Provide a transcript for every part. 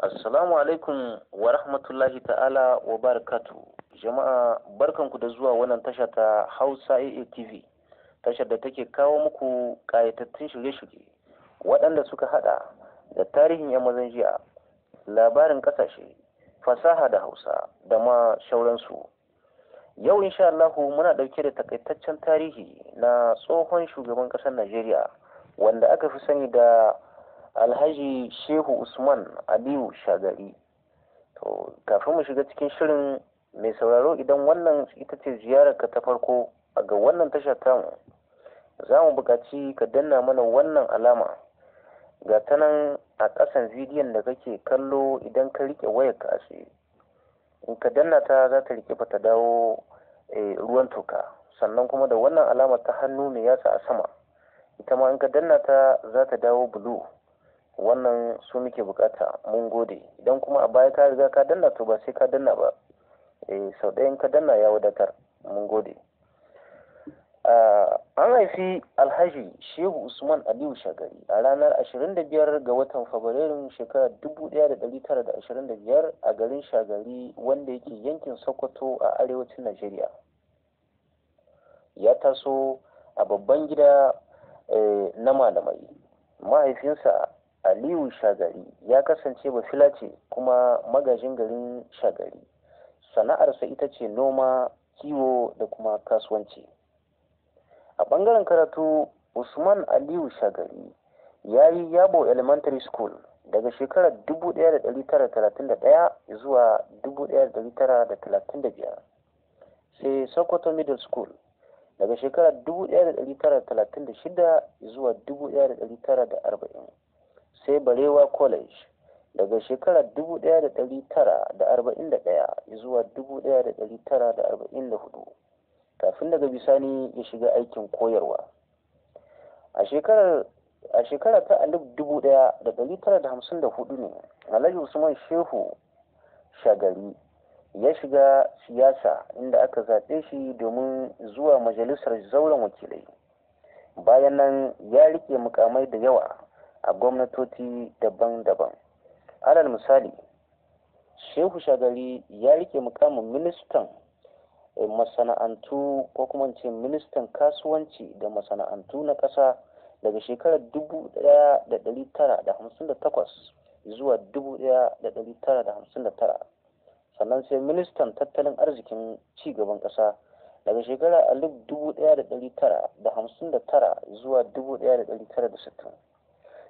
Assalamu alaikum wa rahmatullahi ta'ala wa barakatu. Jama'a barkanku da zuwa wannan tasha ta Hausa AA TV, tashar da take kawo muku ƙayatattun shirye-shirye waɗanda suka haɗa da tarihin 'yan mazan jiya, labarin ƙasashe, fasaha da Hausa da ma shauransu. Yau insha Allahu muna ɗauke da takaitaccen tarihi na tsohon shugaban ƙasar Najeriya wanda aka fi sani da alhaji shehu usman aliyu shagari to kafin mu shiga cikin shirin mai sauraro idan wannan ita ce ziyararka ta farko ga wannan tashar tamu za mu buƙaci ka danna mana wannan alama ga ta nan a ƙasan bidiyon da kake kallo idan ka riƙe wayar ka ashe in ka danna ta za ta riƙe ba ta dawo eh, ruwan toka sannan kuma da wannan alama ta hannu mai yatsa a sama ita ma in ka danna ta za ta dawo bulu wannan su muke bukata mun gode idan kuma a baya ka riga ka danna to ba sai ka danna ba eh sau ɗayan ka danna ya wadatar mun gode an haifi alhaji shehu usman aliyu shagari a ranar 25 ga watan fabrairun shekarar 1925 a garin shagari wanda yake yankin sokoto a arewacin najeriya ya taso a babban gida eh, na malamai mahaifinsa aliyu shagari ya kasance bafilace kuma magajin garin shagari sana'arsa ita ce noma kiwo da kuma kasuwanci a ɓangaren karatu usman aliyu shagari ya yi yabo elementary school daga shekarar 1931 zuwa 1935 sai sokoto middle school daga shekarar 1936 zuwa 1940 sai Barewa College daga shekarar 1941 zuwa 1944 kafin daga bisani ya shiga aikin koyarwa. A shekarar a shekara ta 1954 ne Alhaji Usman Shehu Shagari ya shiga siyasa inda aka zaɓe shi domin zuwa majalisar zauren wakilai bayan nan ya rike mukamai da yawa a gwamnatoci daban-daban alal misali shehu shagari ya rike mukamin ministan eh, masana'antu ko kuma ce ministan kasuwanci da masana'antu na ƙasa daga shekarar 1958 zuwa 1959 sannan sai ministan tattalin arzikin cigaban ƙasa daga shekarar 1959 zuwa 1960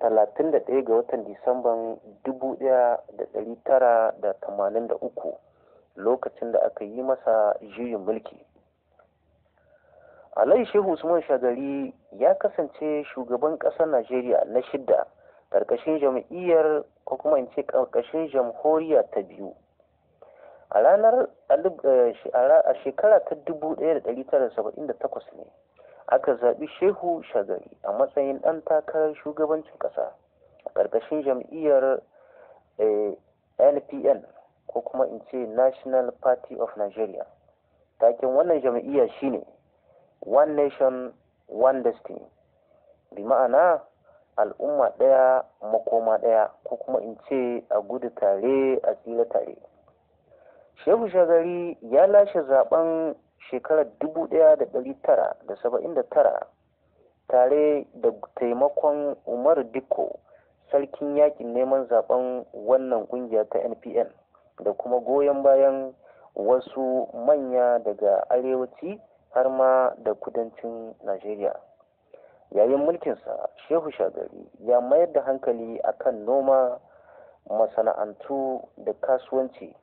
31 ga watan Disamban 1983 lokacin da aka yi masa juyin mulki. Alayi Shehu Usman Shagari ya kasance shugaban ƙasar Najeriya na shidda ƙarƙashin jam'iyyar ko kuma in ce ƙarƙashin jamhuriya ta biyu. A ranar eh, a shekara ta 1978 ne aka zaɓi shehu shagari a matsayin ɗan takarar shugabancin ƙasa a ƙarƙashin jam'iyyar npn eh, ko kuma in ce national party of nigeria taken wannan jam'iyya shine one nation one destiny bi ma'ana al'umma ɗaya makoma ɗaya ko kuma in ce a gudu tare a tsira tare shehu shagari ya lashe zaben shekarar dubu da da da tara saba'in tara tare da taimakon umar diko sarkin yakin neman zaben wannan kungiya ta npn da kuma goyon bayan wasu manya daga arewaci har ma da kudancin najeriya yayin mulkinsa shehu shagari ya mayar da hankali a kan noma masana'antu da kasuwanci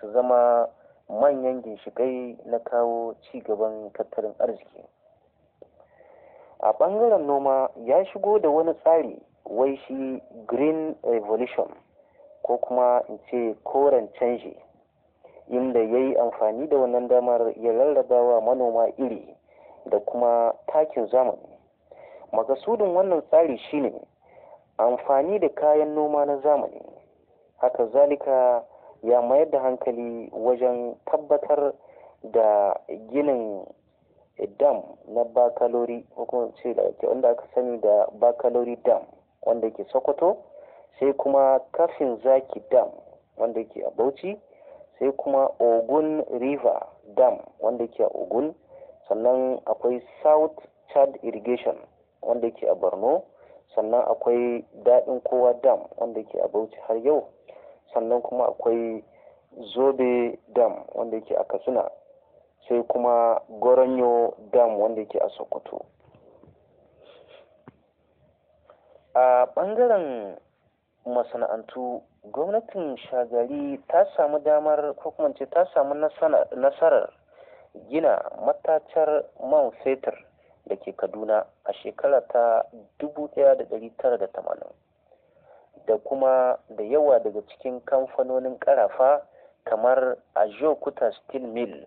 su zama manyan ginshikai na kawo ci gaban tattalin arziki a ɓangaren noma ya shigo da wani tsari wai shi green revolution ko kuma in ce koren canji inda ya yi amfani da wannan damar ya lallaba wa manoma iri da kuma takin zamani makasudin wannan tsari shine amfani da kayan noma na zamani haka zalika ya mayar da hankali wajen tabbatar da ginin dam na bakalori ce wanda aka sani da bakalori dam wanda ke sokoto sai kuma kafin zaki dam wanda ke a bauchi sai kuma ogun river dam wanda ke a ogun sannan akwai south chad irrigation wanda ke a borno sannan akwai daɗin kowa dam wanda ke a bauchi har yau sannan kuma akwai zobe dam wanda yake a katsina sai kuma goronyo dam wanda yake a sokoto a ɓangaren masana'antu gwamnatin shagari ta samu damar hukumance ta samu nasarar gina matacar man fetur da ke kaduna a shekara ta 1980 da kuma da yawa daga cikin kamfanonin karafa kamar Ajokuta Steel Mill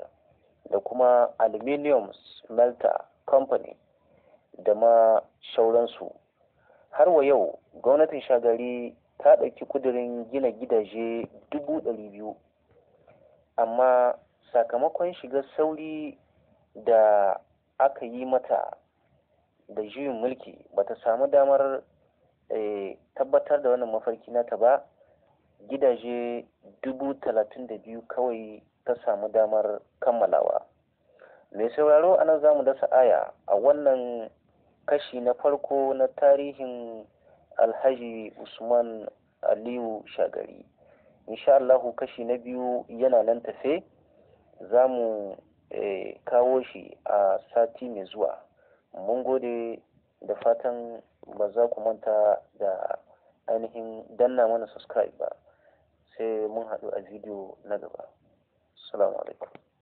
da kuma Aluminium Smelter Company da ma sauransu. Har wa yau, gwamnatin shagari ta ɗauki kudirin gina gidaje dubu ɗari biyu, amma sakamakon shiga sauri da aka yi mata da juyin mulki bata samu damar Eh, tabbatar da wannan mafarki na ta ba gidaje dubu talatin da biyu kawai ta samu damar kammalawa mai sauraro a nan za dasa aya a wannan kashi na farko na tarihin alhaji usman aliyu shagari insha Allahu kashi na biyu yana nan tafe za mu eh, kawo shi a sati mai zuwa mun gode da fatan ba za ku manta da ainihin danna mana subscribe ba sai mun haɗu a bidiyo na gaba. Assalamu alaikum.